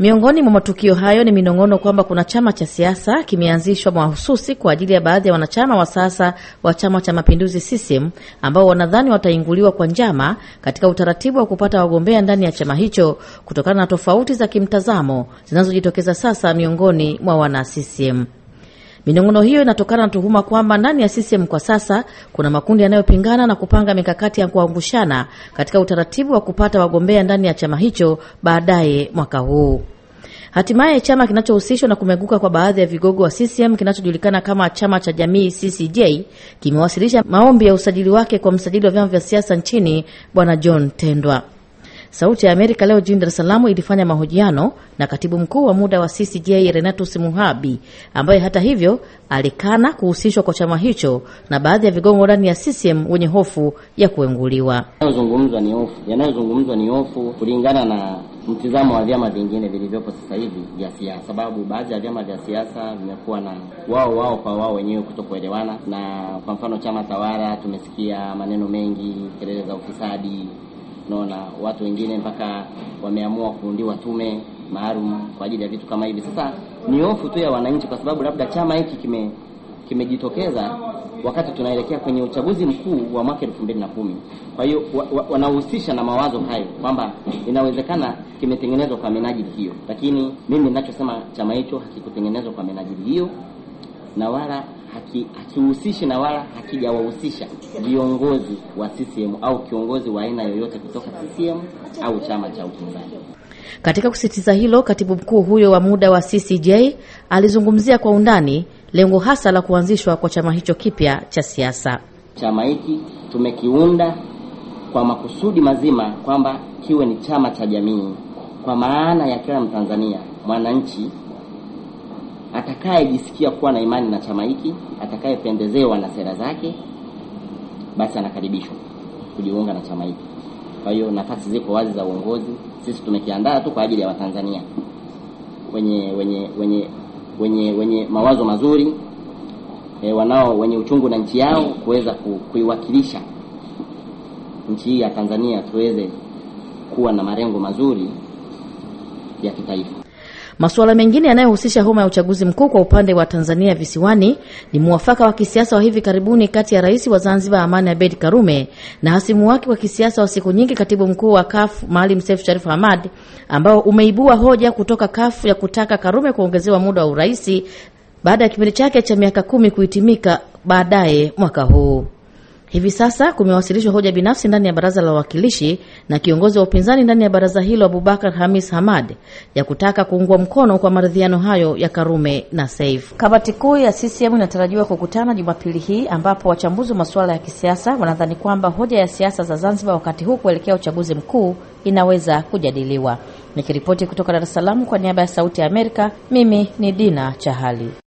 Miongoni mwa matukio hayo ni minong'ono kwamba kuna chama cha siasa kimeanzishwa mahususi kwa ajili ya baadhi ya wanachama wa sasa wa Chama cha Mapinduzi CCM ambao wanadhani watainguliwa kwa njama katika utaratibu wa kupata wagombea ndani ya chama hicho kutokana na tofauti za kimtazamo zinazojitokeza sasa miongoni mwa wana CCM. Minong'ono hiyo inatokana na tuhuma kwamba ndani ya CCM kwa sasa kuna makundi yanayopingana na kupanga mikakati ya kuangushana katika utaratibu wa kupata wagombea ndani ya chama hicho baadaye mwaka huu. Hatimaye chama kinachohusishwa na kumeguka kwa baadhi ya vigogo wa CCM kinachojulikana kama chama cha jamii CCJ kimewasilisha maombi ya usajili wake kwa msajili wa vyama vya siasa nchini Bwana John Tendwa. Sauti ya Amerika leo jijini Dar es Salaam ilifanya mahojiano na katibu mkuu wa muda wa CCJ Renatus Muhabi, ambaye hata hivyo alikana kuhusishwa kwa chama hicho na baadhi ya vigongo ndani ya CCM wenye hofu ya kuenguliwa. Yanayozungumzwa ni hofu, yanayozungumzwa ni hofu kulingana na mtizamo wa vyama vingine vilivyopo sasa hivi vya siasa, sababu baadhi ya vyama vya siasa vimekuwa na wao wao kwa wao wenyewe kutokuelewana, na kwa mfano chama tawala tumesikia maneno mengi, kelele za ufisadi naona watu wengine mpaka wameamua kuundiwa tume maalum kwa ajili ya vitu kama hivi. Sasa ni hofu tu ya wananchi, kwa sababu labda chama hiki kime kimejitokeza wakati tunaelekea kwenye uchaguzi mkuu wa mwaka elfu mbili na kumi. Kwa hiyo wa, wa, wanahusisha na mawazo hayo kwamba inawezekana kimetengenezwa kwa minajili hiyo, lakini mimi ninachosema chama hicho hakikutengenezwa kwa minajili hiyo na wala hakihusishi na wala hakijawahusisha viongozi wa CCM au kiongozi wa aina yoyote kutoka CCM au chama cha upinzani. Katika kusitiza hilo, katibu mkuu huyo wa muda wa CCJ alizungumzia kwa undani lengo hasa la kuanzishwa kwa chama hicho kipya cha siasa. Chama hiki tumekiunda kwa makusudi mazima kwamba kiwe ni chama cha jamii, kwa maana ya kila Mtanzania mwananchi atakayejisikia kuwa na imani na chama hiki, atakayependezewa na sera zake, basi anakaribishwa kujiunga na chama hiki. Kwa hiyo nafasi ziko wazi za uongozi. Sisi tumekiandaa tu kwa ajili ya Watanzania wenye wenye wenye wenye wenye mawazo mazuri e, wanao wenye uchungu na nchi yao kuweza ku, kuiwakilisha nchi hii ya Tanzania tuweze kuwa na malengo mazuri ya kitaifa. Masuala mengine yanayohusisha homa ya uchaguzi mkuu kwa upande wa Tanzania visiwani ni mwafaka wa kisiasa wa hivi karibuni kati ya rais wa Zanzibar Amani abed Karume na hasimu wake wa kisiasa wa siku nyingi, katibu mkuu wa kafu Maalim Seif Sharif Hamad, ambao umeibua hoja kutoka kafu ya kutaka Karume kuongezewa muda wa uraisi baada ya kipindi chake cha miaka kumi kuhitimika baadaye mwaka huu. Hivi sasa kumewasilishwa hoja binafsi ndani ya baraza la wawakilishi na kiongozi wa upinzani ndani ya baraza hilo Abubakar Hamis Hamad ya kutaka kuungwa mkono kwa maridhiano hayo ya Karume na Saif. Kamati kuu ya CCM inatarajiwa kukutana Jumapili hii ambapo wachambuzi wa masuala ya kisiasa wanadhani kwamba hoja ya siasa za Zanzibar wakati huu kuelekea uchaguzi mkuu inaweza kujadiliwa. Nikiripoti kutoka Dar es Salaam kwa niaba ya Sauti ya Amerika, mimi ni Dina Chahali.